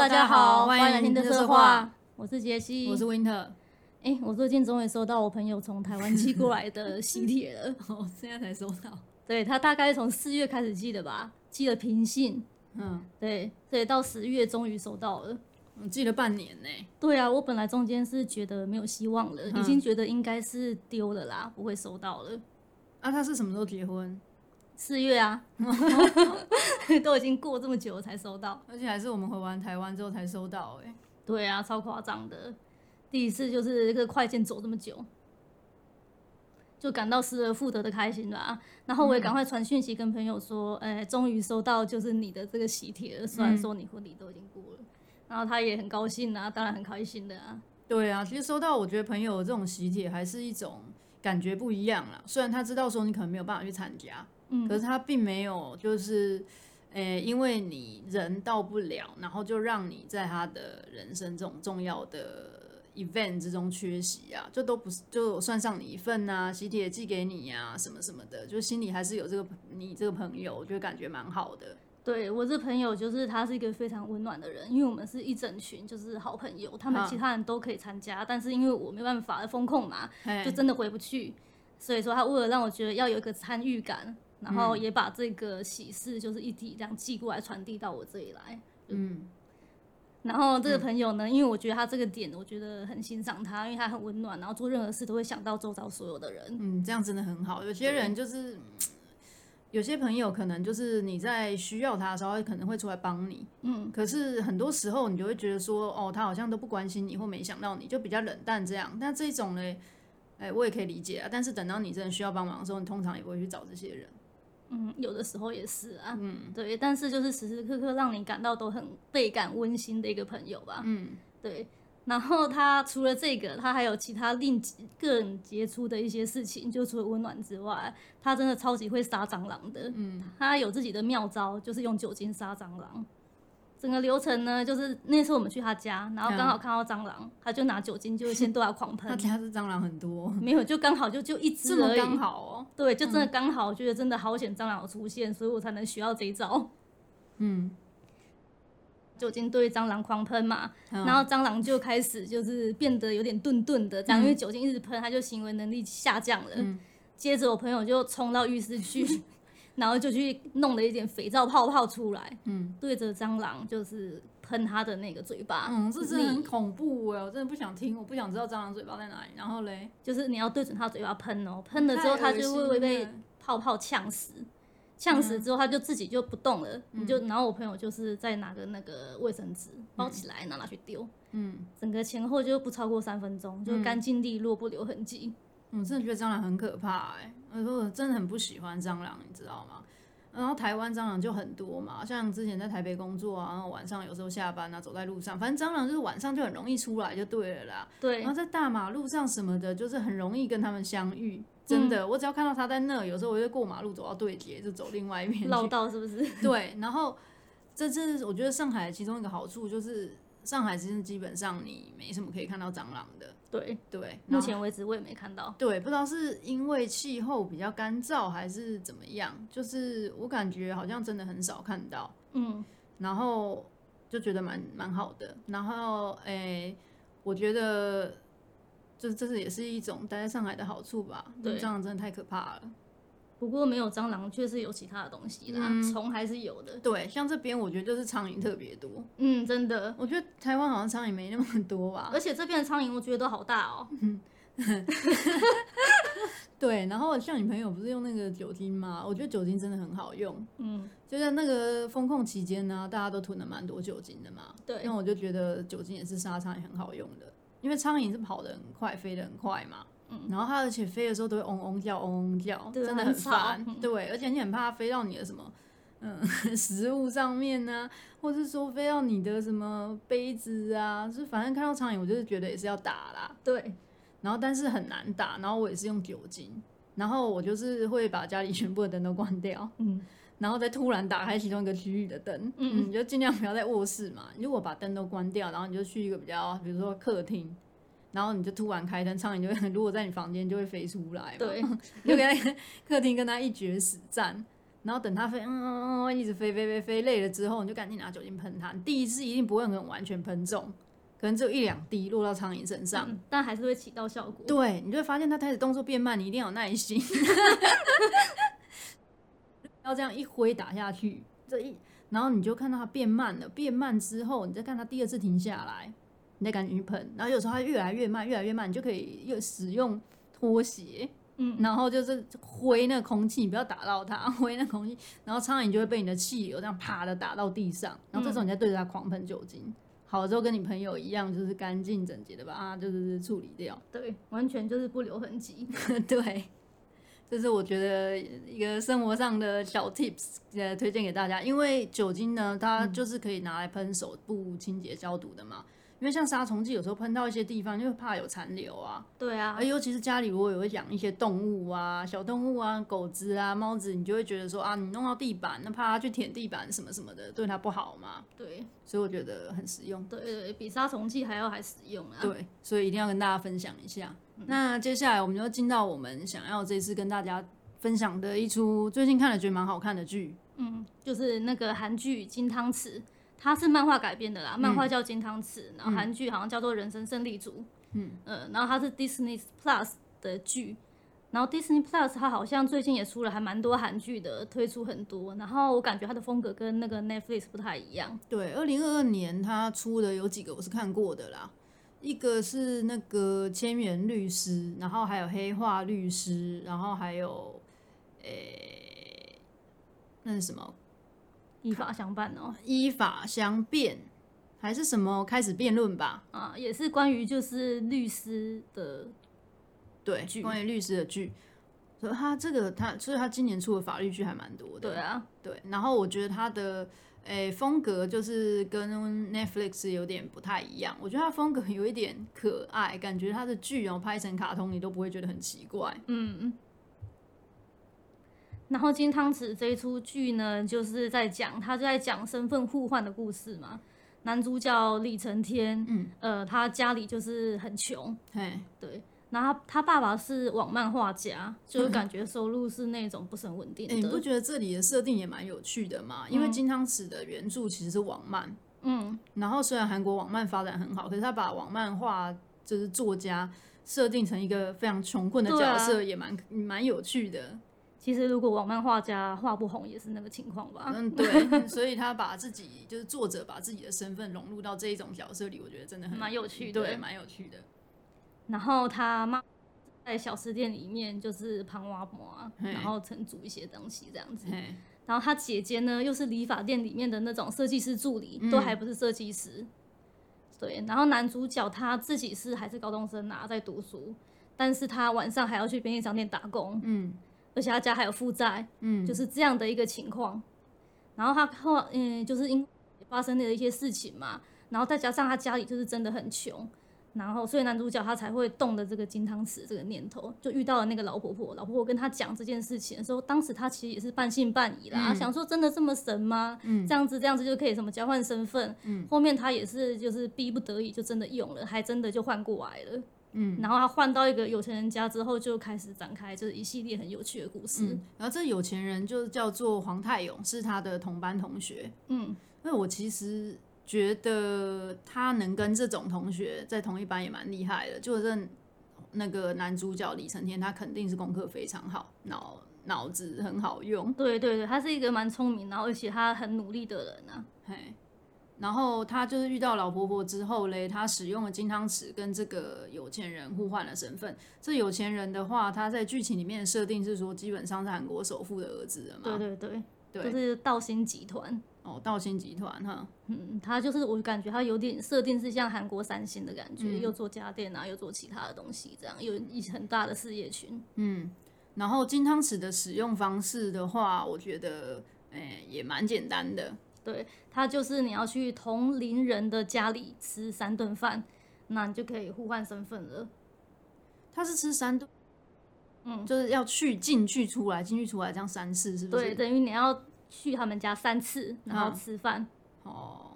大家好，歡迎來聽我們的垃圾話。我是杰西，我是 Winter。哎，我最近終於收到我朋友從台灣寄過來的喜帖了。 哦，現在才收到？對，他大概從四月開始寄的吧，寄了平信。嗯，對，所以到十月終於收到了。嗯，寄了半年呢。對啊，我本來中間是覺得沒有希望了，已經覺得應該是丟了啦，不會收到了。嗯、啊，他是什麼時候結婚？四月啊， 都已經過這麼久了才收到，而且還是我們回完台灣之後才收到、欸，哎，對啊，超誇張的，第一次就是一個快件走這麼久，就感到失而復得的開心吧、啊。然後，後我也趕快傳訊息跟朋友說，哎、嗯，終於、欸、收到就是你的這個喜帖了。雖然說你婚禮都已經過了，嗯、然後他也很高興啊，當然很開心的啊。對啊，其實收到我覺得朋友的這種喜帖還是一種感覺不一樣啦。雖然他知道說你可能沒有辦法去參加。可是他並沒有，就是，誒、欸，因為你人到不了，然後就讓你在他的人生這種重要的 event 之中缺席啊，就都不是，就算上你一份啊，喜帖寄給你呀、啊，什麼什麼的，就心裡還是有這個你這個朋友，我覺得感覺蠻好的。對，我這個朋友，就是他是一個非常溫暖的人，因為我們是一整群就是好朋友，他們其他人都可以參加，啊、但是因為我沒辦法封控嘛，欸、就真的回不去，所以說他為了讓我覺得要有一個參與感。然後也把這個喜事就是一帖這樣寄過來，傳遞到我這裡來。嗯，然後這個朋友呢，嗯、因為我覺得他這個點，我覺得很欣賞他，因為他很溫暖，然後做任何事都會想到周遭所有的人。嗯，這樣真的很好。有些人就是對有些朋友，可能就是你在需要他的時候，可能會出來幫你。嗯，可是很多時候你就會覺得說，哦，他好像都不關心你，或沒想到你就比較冷淡這樣。但這種呢，哎，我也可以理解啊。但是等到你真的需要幫忙的時候，你通常也會去找這些人。嗯，有的時候也是啊，嗯，對，但是就是時時刻刻讓你感到都很倍感溫馨的一個朋友吧，嗯，對。然後他除了這個，他還有其他令個人傑出的一些事情，就除了溫暖之外，他真的超級會殺蟑螂的，嗯，他有自己的妙招，就是用酒精殺蟑螂。整個流程呢，就是那次我們去他家，然後剛好看到蟑螂，他就拿酒精就先對他狂噴。 他家是蟑螂很多？沒有，就剛好就就一隻。這麼剛好哦？對，就真的剛好，我覺得真的好險，蟑螂出現，嗯、所以我才能學到這一招。嗯，酒精對蟑螂狂噴嘛，嗯、然後蟑螂就開始就是變得有點鈍鈍的，因為酒精一直噴，它就行為能力下降了。嗯、接着我朋友就衝到浴室去。嗯然後就去弄了一點肥皂泡泡出來，嗯，對着蟑螂就是噴它的那個嘴巴，嗯，這是很恐怖哎，你我真的不想聽，我不想知道蟑螂嘴巴在哪裡？然後嘞，就是你要對準它嘴巴噴哦，噴了之後它就會被泡泡嗆死，嗆死之後它就自己就不動了，嗯、你就然後我朋友就是再拿個那個衛生紙包起來、嗯、拿拿去丟，嗯，整個前後就不超過三分鐘，就乾淨利落不留痕迹。嗯我真的覺得蟑螂很可怕，欸，哎，我說我真的很不喜歡蟑螂，你知道嗎？然後台灣蟑螂就很多嘛，像之前在台北工作啊，然後晚上有時候下班啊，走在路上，反正蟑螂就是晚上就很容易出來，就對了啦。對。然後在大馬路上什麼的，就是很容易跟他們相遇。真的，嗯，我只要看到他在那，有時候我就過馬路走到對街，就走另外一面。繞道是不是？對。然後這這是我覺得上海其中一個好處，就是上海其實基本上你沒什麼可以看到蟑螂的。對對，對目前為止我也沒看到。對，不知道是因為氣候比較乾燥還是怎麼樣，就是我感覺好像真的很少看到。嗯，然後就覺得蠻蠻好的。然後，誒，我覺得就是這是也是一種待在上海的好處吧。對，這樣真的太可怕了。不過沒有蟑螂，卻是有其他的東西啦，蟲、嗯、還是有的。對，像這邊我覺得就是蒼蠅特別多。嗯，真的，我覺得台灣好像蒼蠅沒那麼多吧。而且這邊的蒼蠅我覺得都好大哦。嗯， 對。然後像你朋友不是用那個酒精嗎？我覺得酒精真的很好用。嗯，就在那個封控期間呢，大家都囤了蠻多酒精的嘛。對。因為我就覺得酒精也是殺蒼蠅很好用的，因為蒼蠅是跑得很快，飛得很快嘛。嗯、然後它而且飛的時候都會嗡嗡叫，嗡嗡叫，對真的很煩。嗯、對，而且你很怕它飛到你的什麼，嗯，食物上面呢，啊，或是說飛到你的什麼杯子啊，就是，反正看到蒼蠅我就是覺得也是要打啦。對，然後但是很難打，然後我也是用酒精，然後我就是會把家裡全部的燈都關掉，嗯，然後再突然打開其中一個區域的燈，嗯，嗯，你就儘量不要在臥室嘛，如果把燈都關掉，然後你就去一個比較，比如說客廳。嗯然後你就突然開燈，蒼蠅就會，如果在你房間就會飛出來，對，你 就跟客廳跟他一決死戰。然後等它飛，嗯嗯嗯，一直飛飛飛飛，累了之後，你就趕緊拿酒精噴它。第一次一定不會很完全噴中，可能只有一兩滴落到蒼蠅身上，嗯、但還是會起到效果。對，你就會發現它開始動作變慢，你一定要有耐心，要 這樣一揮打下去，這一，然後你就看到它變慢了，變慢之後，你再看它第二次停下來。你在趕緊噴，然後有時候它越來越慢，越來越慢，你就可以又使用拖鞋，嗯、然後就是揮那個空氣，你不要打到它，揮那空氣，然後蒼蠅就會被你的氣流這樣啪的打到地上，然後這時候你再對着它狂噴酒精，嗯、好了之後跟你朋友一樣，就是乾淨整潔的把它、啊、就是處理掉，對，完全就是不留痕迹， 對，這是我覺得一個生活上的小 tips、呃、推薦給大家，因為酒精呢，它就是可以拿來噴手部清潔消毒的嘛。因為像殺蟲劑，有時候噴到一些地方，就會怕有殘留啊。對啊，而尤其是家裡如果有養一些動物啊，小動物啊，狗子啊，貓子啊、貓子，你就會覺得說啊，你弄到地板，那怕它去舔地板什麼什麼的，對它不好嘛。對，所以我覺得很實用。對對，比殺蟲劑還要還實用啊。對，所以一定要跟大家分享一下。嗯。那接下來我們就進到我們想要這次跟大家分享的一出最近看了覺得蠻好看的劇，嗯，就是那個韓劇《金湯匙》。它是漫畫改編的啦，漫畫叫《金湯匙》，然後韓劇好像叫做《人生勝利組》嗯。嗯、呃，然後它是 Disney Plus 的劇，然後 Disney Plus 它好像最近也出了還蠻多韓劇的，推出很多。然後我感覺它的風格跟那個 Netflix 不太一樣。對，二零二二年它出的有幾個我是看過的啦，一個是那個《千元律師》，然後還有《黑化律師》，然後還有，誒，那是什麼？依法相辦哦、喔，依法相辯，還是什麼？開始辯論吧。啊，也是關於就是律師的劇。對，關於律師的劇。所以他這個他，所以他今年出的法律劇還蠻多的。對啊，對。然後我覺得他的誒、欸、風格就是跟 Netflix 有點不太一樣。我覺得他風格有一點可愛，感覺他的劇哦、喔、拍成卡通你都不會覺得很奇怪。嗯嗯。然後《金湯匙》這一出劇呢，就是在講他就在講身份互換的故事嘛。男主角李承天，嗯，呃，他家裡就是很窮，嘿，對。然後他，他爸爸是網漫畫家，就感覺收入是那種不是很穩定的，嗯欸。你不覺得這裡的設定也蠻有趣的嗎？因為《金湯匙》的原著其實是網漫，嗯。然後雖然韓國網漫發展很好，可是他把網漫畫就是作家設定成一個非常窮困的角色，啊、也蠻蠻有趣的。其實，如果網漫畫家畫不紅，也是那個情況吧。嗯，對，所以他把自己 就是作者，把自己的身份融入到這一種角色裡，我覺得真的很蠻有，有趣的，蠻有趣的。然後他媽在小吃店裡面就是旁瓦缽啊，嘿然後成煮一些東西這樣子。嘿然後他姐姐呢，又是理髮店裡面的那種設計師助理，嗯、都還不是設計師。對，然後男主角他自己是還是高中生啊，在讀書，但是他晚上還要去便利商店打工。嗯。而且他家還有負債，嗯，就是這樣的一個情況，然後他後，嗯，就是因發生的一些事情嘛，然後再加上他家裡就是真的很窮，然後所以男主角他才會動的這個金湯匙這個念頭，就遇到了那個老婆婆，老婆婆跟他講這件事情的時候，當時他其實也是半信半疑啦，嗯，想說真的這麼神嗎？嗯，這樣子這樣子就可以什麼交換身份？嗯，後面他也是就是逼不得已就真的用了，還真的就換過來了。嗯，然後他換到一個有錢人家之後，就開始展開這一系列很有趣的故事。嗯，然後這有錢人就叫做黃泰勇，是他的同班同學。嗯，那我其實覺得他能跟這種同學在同一班也蠻厲害的。就是那個男主角李承天，他肯定是功課非常好，腦腦子很好用。對對對，他是一個蠻聰明，然後而且他很努力的人啊。嘿。然後他就是遇到老婆婆之後嘞，他使用了金湯匙跟這個有錢人互換了身份。這有錢人的話，他在劇情裡面的設定是說，基本上是韓國首富的兒子的嘛？對對對，對就是道心集團。哦，道心集團哈，嗯，他就是我感覺他有點設定是像韓國三星的感覺，嗯、又做家電啊，又做其他的東西，這樣有一很大的事業群。嗯，然後金湯匙的使用方式的話，我覺得，哎，也蠻簡單的。對，他就是你要去同齡人的家裡吃三頓飯，那你就可以互換身份了。他是吃三頓，嗯，就是要去進去出來，進去出來這樣三次，是不是？對，等於你要去他們家三次，然後吃飯。啊、哦。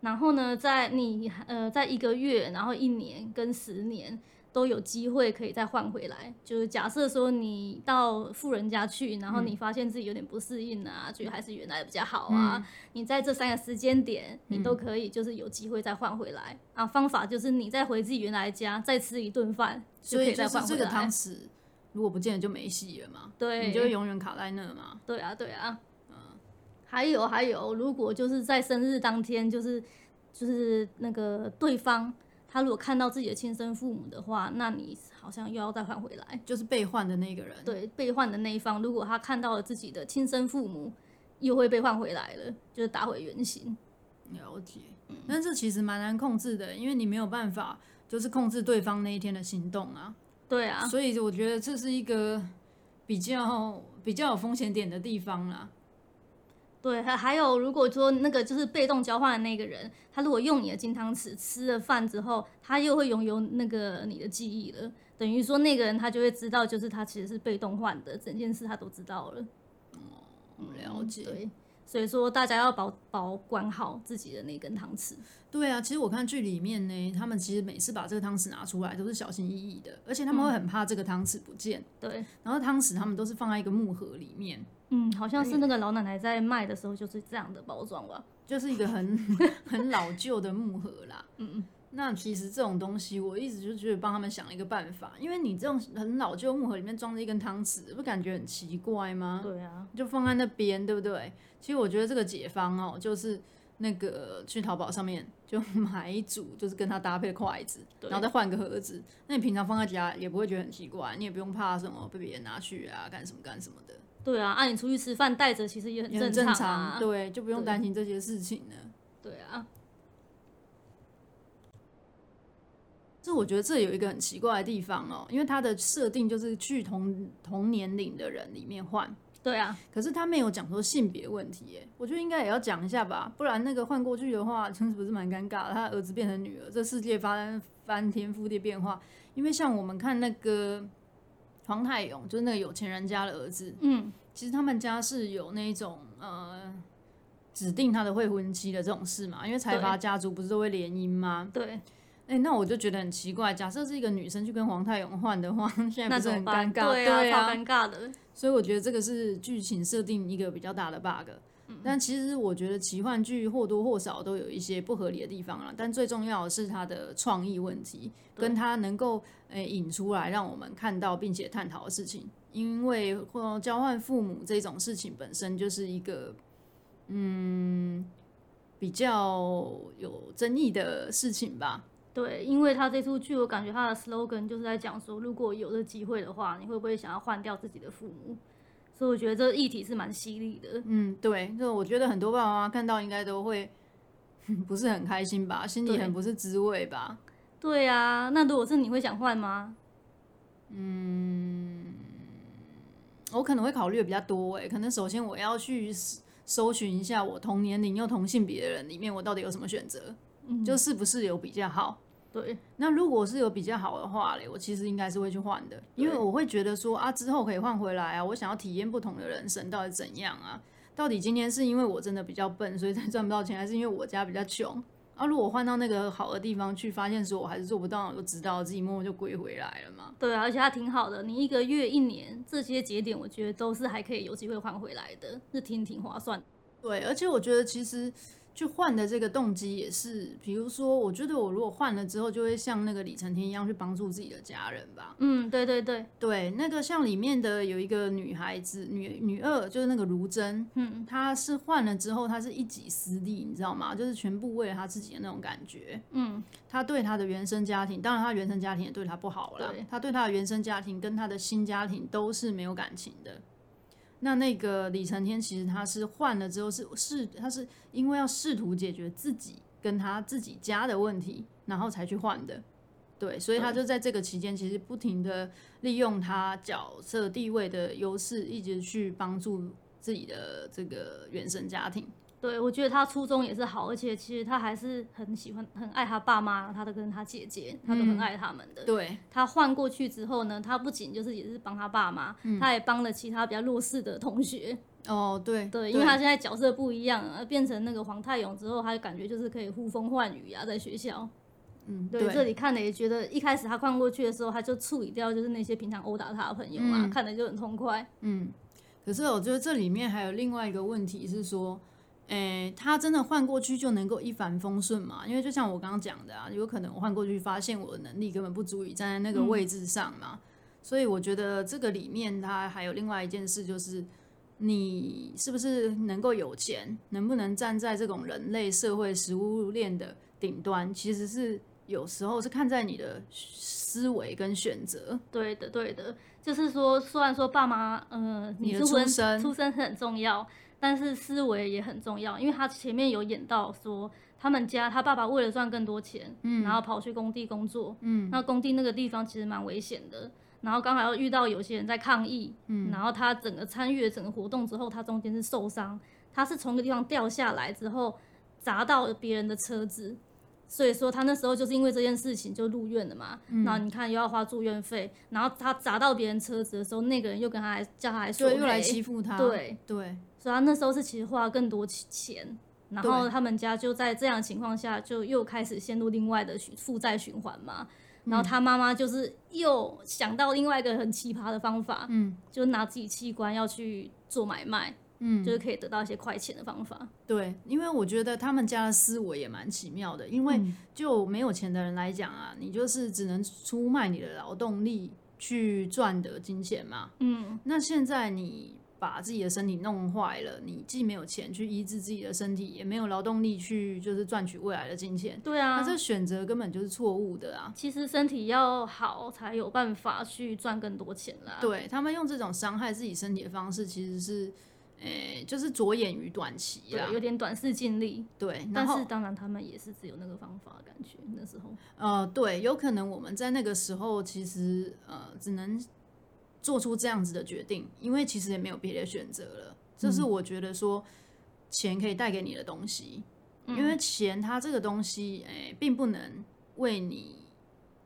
然後呢，在你呃，在一個月，然後一年跟十年。都有機會可以再換回來。就是假設說你到富人家去，然後你發現自己有點不適應啊，嗯、覺得還是原來的比較好啊。嗯、你在這三個時間點，嗯、你都可以就是有機會再換回來啊。方法就是你再回自己原來家，再吃一頓飯就可以再換回來。所以就是這個湯匙如果不見了就沒戲了嘛，對，你就會永遠卡在那兒嘛。對啊，對啊，對啊。嗯，還有還有，如果就是在生日當天，就是就是那個對方。他如果看到自己的親生父母的話，那你好像又要再換回來，就是被換的那個人，對，被換的那一方，如果他看到了自己的親生父母，又會被換回來了，就是打回原形。了解。那但這其實蠻難控制的，嗯、因為你沒有辦法，就是控制對方那一天的行動啊。對啊，所以我覺得這是一個比較比較有風險點的地方啦、啊。對，還還有，如果說那個就是被動交換的那個人，他如果用你的金湯匙吃了飯之後，他又會擁有那個你的記憶了。等於說那個人他就會知道，就是他其實是被動換的，整件事他都知道了。嗯，了解。對，所以說大家要保保管好自己的那根湯匙。對啊，其實我看劇裡面呢，他們其實每次把這個湯匙拿出來都是小心翼翼的，而且他們會很怕這個湯匙不見。嗯，對，然後湯匙他們都是放在一個木盒裡面。嗯，好像是那個老奶奶在賣的時候就是這樣的包裝吧，就是一個很很老舊的木盒啦。嗯 嗯，那其實這種東西我一直就覺得幫他們想了一個辦法，因為你這種很老舊木盒裡面裝着一根湯匙，不感覺很奇怪嗎？對啊，就放在那邊，對不對？其實我覺得這個解方哦、喔，就是那個去淘寶上面就買一組，就是跟它搭配的筷子，對然後再換個盒子，那你平常放在家也不會覺得很奇怪，你也不用怕什麼被別人拿去啊，幹什麼幹什麼的。對啊，按、啊、你出去吃飯帶着其實也很，、啊、也很正常，對，就不用擔心這些事情了。對啊，這我覺得這有一個很奇怪的地方哦，因為他的設定就是去同同年齡的人裡面換。對啊，可是他沒有講說性別問題耶。我覺得應該也要講一下吧，不然那個換過去的話，真是不是蠻尷尬，他兒子變成女兒，這世界發生翻天覆地變化。因為像我們看那個。黃泰勇就是那個有錢人家的兒子。嗯，其實他們家是有那種呃指定他的未婚妻的這種事嘛，因為財閥家族不是都會聯姻嗎？對。哎、欸，那我就覺得很奇怪，假設是一個女生去跟黃泰勇換的話，現在不是很尷尬，對啊，超尷尬的。所以我覺得這個是劇情設定一個比較大的 bug。但其實我覺得奇幻劇或多或少都有一些不合理的地方啦，但最重要的是他的創意問題，跟他能夠誒、欸、引出來讓我們看到並且探討的事情。因為、哦、交換父母這種事情本身就是一個嗯比較有爭議的事情吧？對，因為他這出劇，我感覺他的 slogan 就是在講說，如果有這個機會的話，你會不會想要換掉自己的父母？所以我覺得這個議題是蠻犀利的。嗯，對，就我覺得很多爸爸媽媽看到應該都會 不是很開心吧，對心裡很不是滋味吧。對啊，那如果是你會想換嗎？嗯，我可能會考慮的比較多誒，可能首先我要去搜尋一下我同年齡又同性別的人裡面，我到底有什麼選擇，嗯、就是不是有比較好。對，那如果是有比較好的話嘞，我其實應該是會去換的，對因為我會覺得說啊，之後可以換回來啊，我想要體驗不同的人生到底怎樣啊？到底今天是因為我真的比較笨，所以才賺不到錢，還是因為我家比較窮？啊，如果換到那個好的地方去，發現說我還是做不到就，我知道自己摸摸就歸回來了嘛。對、啊，而且它挺好的，你一個月、一年這些節點，我覺得都是還可以有機會換回來的，這挺挺划算的。對，而且我覺得其實。去換的這個動機也是，比如說，我覺得我如果換了之後，就會像那個李承天一樣去幫助自己的家人吧。嗯，對對對對，那個像裡面的有一個女孩子，女女二就是那個盧貞。嗯，她是換了之後，她是一己私利，你知道嗎？就是全部為了她自己的那種感覺。嗯，她對她的原生家庭，當然她原生家庭也對她不好啦，對，她對她的原生家庭跟她的新家庭都是沒有感情的。那那個李承天其實他是換了之後是是，他是因為要試圖解決自己跟他自己家的問題，然後才去換的，對，所以他就在這個期間其實不停地利用他角色地位的優勢，一直去幫助自己的這個原生家庭。對，我覺得他初衷也是好，而且其實他還是很喜歡、很愛他爸媽，他都跟他姐姐，他都很愛他們的。嗯、對，他換過去之後呢，他不僅就是也是幫他爸媽，嗯、他也幫了其他比較弱勢的同學。哦，對對，對，因為他現在角色不一樣，而變成那個黃泰勇之後，他就感覺就是可以呼風喚雨呀、啊，在學校。嗯，對，對，這裡看的也覺得一開始他換過去的時候，他就處理掉就是那些平常毆打他的朋友嘛、啊，嗯、看的就很痛快。嗯，可是我覺得這裡面還有另外一個問題是說。嗯哎，他真的換過去就能夠一帆風順嘛？因為就像我剛剛講的啊，有可能我換過去發現我的能力根本不足以站在那個位置上嘛。嗯，所以我覺得這個裡面它還有另外一件事，就是你是不是能夠有錢，能不能站在這種人類社會食物鏈的頂端，其實是有時候是看在你的思維跟選擇。對的，對的，就是說，雖然說爸媽，嗯，呃，你的出生，你的出生，出生很重要。但是思維也很重要，因為他前面有演到說，他們家他爸爸為了賺更多錢，嗯，然後跑去工地工作，嗯，那工地那個地方其實蠻危險的，然後剛好又遇到有些人在抗議，嗯，然後他整個參與了整個活動之後，他中間是受傷，他是從那個地方掉下來之後砸到別人的車子，所以說他那時候就是因為這件事情就入院了嘛，嗯，然後你看又要花住院費，然後他砸到別人車子的時候，那個人又跟他來叫他來說，就又來欺負他，對對。對所以他那時候是其實花更多錢，然後他們家就在這樣的情況下，就又開始陷入另外的負債循環嘛。然後他媽媽就是又想到另外一個很奇葩的方法，嗯，就拿自己器官要去做買賣，嗯，就是可以得到一些快錢的方法。對，因為我覺得他們家的思維也蠻奇妙的，因為就沒有錢的人來講啊，你就是只能出賣你的勞動力去賺得金錢嘛。嗯，那現在你。把自己的身體弄壞了，你既沒有錢去醫治自己的身體，也沒有勞動力去就是賺取未來的金錢。對啊，那這選擇根本就是錯誤的啊！其實身體要好才有辦法去賺更多錢啦。對他們用這種傷害自己身體的方式，其實是，呃，就是着眼於短期啦，對有點短視近利。對，但是當然他們也是只有那個方法，感覺那時候。呃，對，有可能我們在那個時候其實呃，只能。做出這樣子的決定，因為其實也沒有別的選擇了。嗯、這是我覺得說錢可以帶給你的東西，嗯、因為錢它這個東西、欸，並不能為你，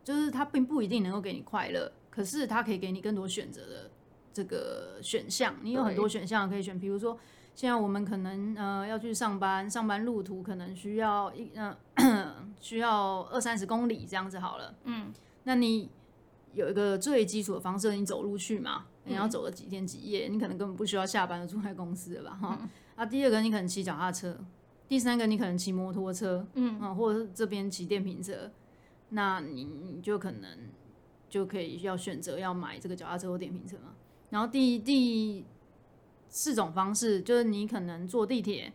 就是它並不一定能夠給你快樂，可是它可以給你更多選擇的這個選項。你有很多選項可以選，比對如說現在我們可能呃要去上班，上班路途可能需要一嗯、呃、 需要二三十公里這樣子好了，嗯，那你。有一個最基礎的方式，你走路去嘛？你要走了幾天幾夜，嗯、你可能根本不需要下班就住在公司了吧？哈、嗯。啊，第二個你可能騎腳踏車，第三個你可能騎摩托車，嗯，嗯，或者是這邊騎電瓶車，那你你就可能就可以要選擇要買這個腳踏車或電瓶車嘛。然後第第四種方式就是你可能坐地鐵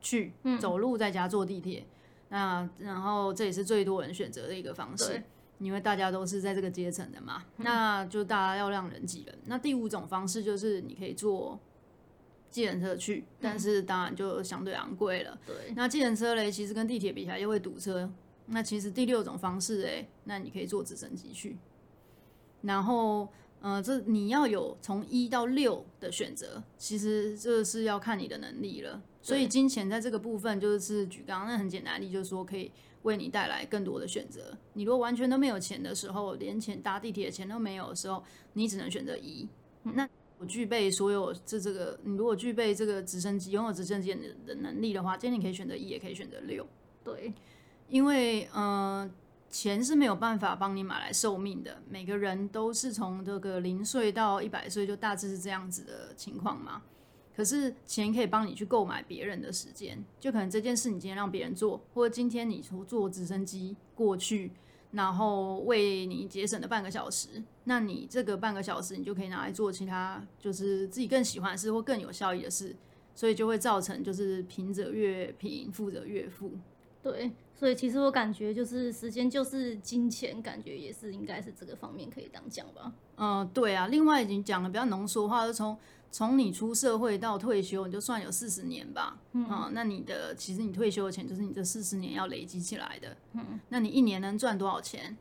去，嗯、走路在家坐地鐵，那然後這也是最多人選擇的一個方式。因為大家都是在這個階層的嘛，那就大家要讓人擠人。嗯、那第五種方式就是你可以坐計程車去，但是當然就相對昂貴了、嗯。對，那計程車嘞，其實跟地鐵比起來又會堵車。那其實第六種方式欸，那你可以坐直升機去，然後。嗯、呃，這你要有從一到六的選擇，其實這是要看你的能力了。對所以金錢在這個部分就是舉剛剛那很簡單例，就是說可以為你帶來更多的選擇。你如果完全都沒有錢的時候，連錢搭地鐵的錢都沒有的時候，你只能選擇一。嗯、那我具備所有這這個，你如果具備這個直升機，擁有直升機的的能力的話，今天你可以選擇一，也可以選擇六。對，因為嗯。呃錢是沒有辦法幫你買來壽命的。每個人都是從這個零歲到一百歲，就大致是這樣子的情況嘛。可是錢可以幫你去購買別人的時間，就可能這件事你今天讓別人做，或者今天你坐直升機過去，然後為你節省了半個小時，那你這個半個小時你就可以拿來做其他就是自己更喜歡的事或更有效益的事，所以就會造成就是貧者越貧，富者越富。對，所以其實我感覺就是時間就是金錢，感覺也是應該是這個方面可以當講吧。嗯，對啊，另外已經講了比較濃縮的話，就從從你出社會到退休，你就算有四十年吧，啊、嗯嗯，那你的其實你退休的錢就是你這四十年要累積起來的。嗯，那你一年能賺多少錢，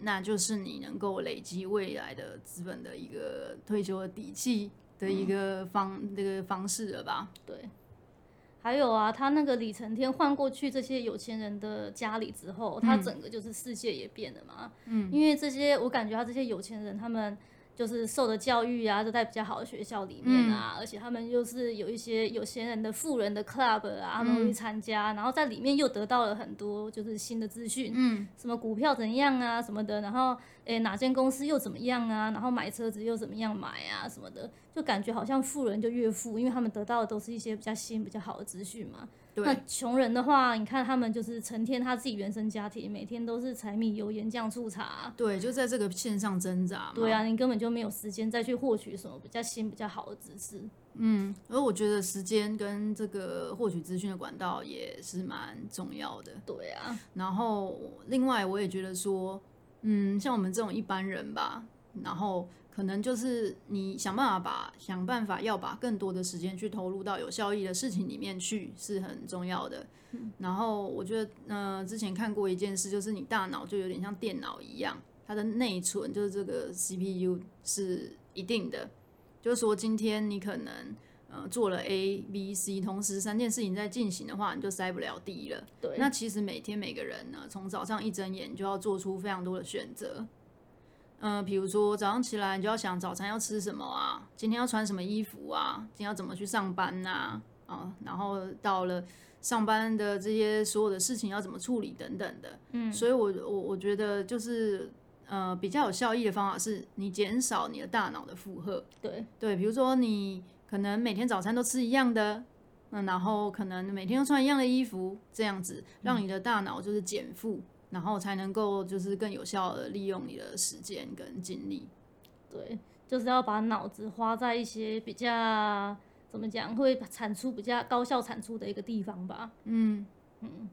那就是你能夠累積未來的資本的一個退休的底氣的一個方那、嗯、個方式了吧？對。還有啊，他那個李承天換過去這些有錢人的家裡之後，他整個就是世界也變了嘛。嗯，因為這些，我感覺他這些有錢人他們。就是受的教育啊，就在比較好的學校裡面啊，嗯、而且他們又是有一些有錢人的富人的 club 啊，他們會去參加，嗯、然後在裡面又得到了很多就是新的資訊，嗯，什麼股票怎樣啊，什麼的，然後誒、欸、哪間公司又怎麼樣啊，然後買車子又怎麼樣買啊什麼的，就感覺好像富人就越富，因為他們得到的都是一些比較新、比較好的資訊嘛。對那窮人的話，你看他們就是成天他自己原生家庭，每天都是柴米油鹽醬醋茶。對，就在這個線上掙扎嘛。對啊、嗯，好你根本就沒有時間再去獲取什麼比較新，比較好的知識。嗯，而我覺得時間跟這個獲取資訊的管道也是蠻重要的。對啊，然後另外我也覺得說，嗯，像我們這種一般人吧，然後。可能就是你想辦法把想辦法要把更多的時間去投入到有效益的事情裡面去是很重要的。嗯、然後我覺得，呃，之前看過一件事，就是你大腦就有點像電腦一樣，它的內存就是這個 CPU 是一定的。就是說，今天你可能呃做了 A、B、C，同時三件事情在進行的話，你就塞不了 D 了。對。那其實每天每個人呢，從早上一睜眼就要做出非常多的選擇。嗯、呃，比如說早上起來，你就要想早餐要吃什麼啊？今天要穿什麼衣服啊？今天要怎麼去上班吶、啊？啊，然後到了上班的這些所有的事情要怎麼處理等等的。嗯，所以我我我覺得就是呃比較有效益的方法是，你減少你的大腦的負荷。對對，比如說你可能每天早餐都吃一樣的，嗯、呃，然後可能每天都穿一樣的衣服，這樣子讓你的大腦就是減負。嗯。然後才能夠就是更有效的利用你的時間跟精力，對，就是要把腦子花在一些比較，怎麼講，會產出比較高效產出的一個地方吧。嗯嗯，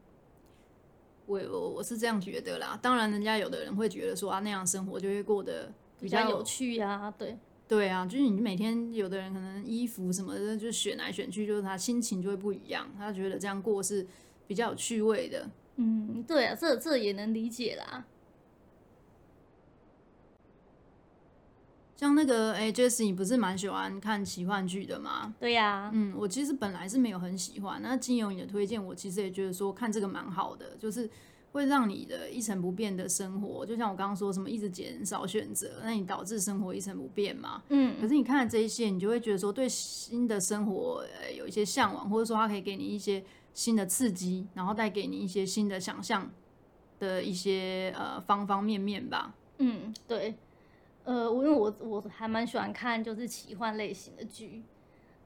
我我我是這樣覺得啦。當然，人家有的人會覺得說啊，那樣生活就會過得比較有，比較有趣呀，啊，對，對啊，就是你每天有的人可能衣服什麼的就選來選去，就是他心情就會不一樣，他覺得這樣過是比較有趣味的。嗯，對啊，這這也能理解啦。像那個，哎，Jesse，你不是蠻喜歡看奇幻劇的嗎？對呀，啊，嗯，我其實本來是沒有很喜歡。那經由你的推薦我，其實也覺得說看這個蠻好的，就是會讓你的一成不變的生活，就像我剛剛說什麼一直減少選擇，那你導致生活一成不變嘛。嗯，可是你看了這一些，你就會覺得說對新的生活，呃、有一些嚮往，或者說它可以給你一些。新的刺激，然後帶給你一些新的想象的一些呃方方面面吧。嗯，對，呃，我因為我我還蠻喜歡看就是奇幻類型的劇。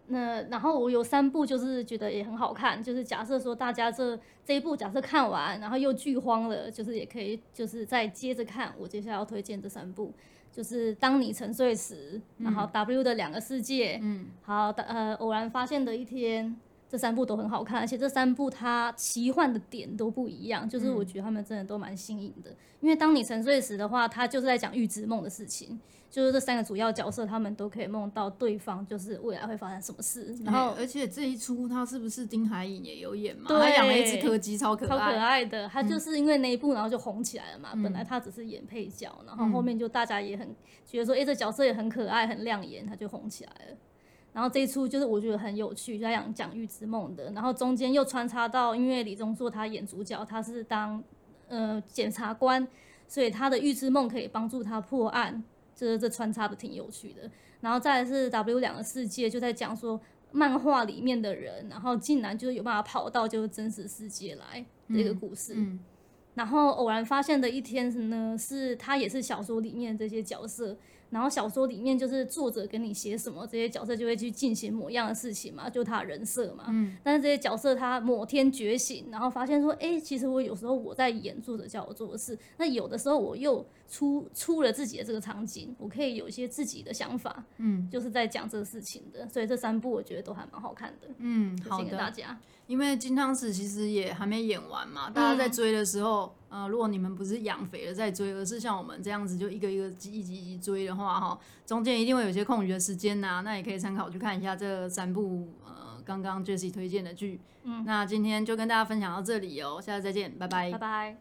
那然後我有三部就是覺得也很好看，就是假設說大家這這一部假設看完，然後又劇荒了，就是也可以就是再接着看。我接下來要推薦這三部，就是《當你沉睡時》，嗯、然後《W 的兩個世界》，嗯，好，呃《的呃偶然發現的一天》。這三部都很好看，而且這三部它奇幻的點都不一樣，就是我覺得他們真的都蠻新穎的。嗯、因為當你沉睡時的話，它就是在講預知夢的事情，就是這三個主要角色他們都可以夢到對方，就是未來會發生什麼事。然後，嗯、而且這一出他是不是丁海寅也有演嘛？他對養了一隻柯基，超可愛。超可愛的，他就是因為那一部，然後就紅起來了嘛。嗯、本來他只是演配角，然後後面就大家也很覺得說，哎、嗯，這角色也很可愛、很亮眼，他就紅起來了。然後這一出就是我覺得很有趣，就在講講《預知夢》的，然後中間又穿插到，因為李鍾碩他演主角，他是當呃檢察官，所以他的《預知夢》可以幫助他破案，就是這穿插的挺有趣的。然後再來是 W 兩個世界，就在講說漫畫裡面的人，然後竟然就有辦法跑到就是真實世界來，嗯、這個故事，嗯、然後偶然發現的一天呢，是他也是小說裡面的這些角色。然後小說裡面就是作者給你寫什麼，這些角色就會去進行某樣的事情嘛，就他人設嘛。嗯，但是這些角色他某天覺醒，然後發現說，哎，其實我有時候我在演作者叫我做的事，那有的時候我又出出了自己的這個場景，我可以有一些自己的想法。嗯。就是在講這個事情的，所以這三部我覺得都還蠻好看的。嗯，好的。給大家，因為金湯匙其實也還沒演完嘛，大家在追的時候。嗯呃，如果你們不是養肥了再追，而是像我們這樣子就一個一個一集一集追的話，哈，中間一定會有些空餘的時間吶、啊，那也可以參考去看一下這三部呃剛剛 Jessie 推薦的劇。嗯，那今天就跟大家分享到這裡哦，下次再見，拜拜，拜拜。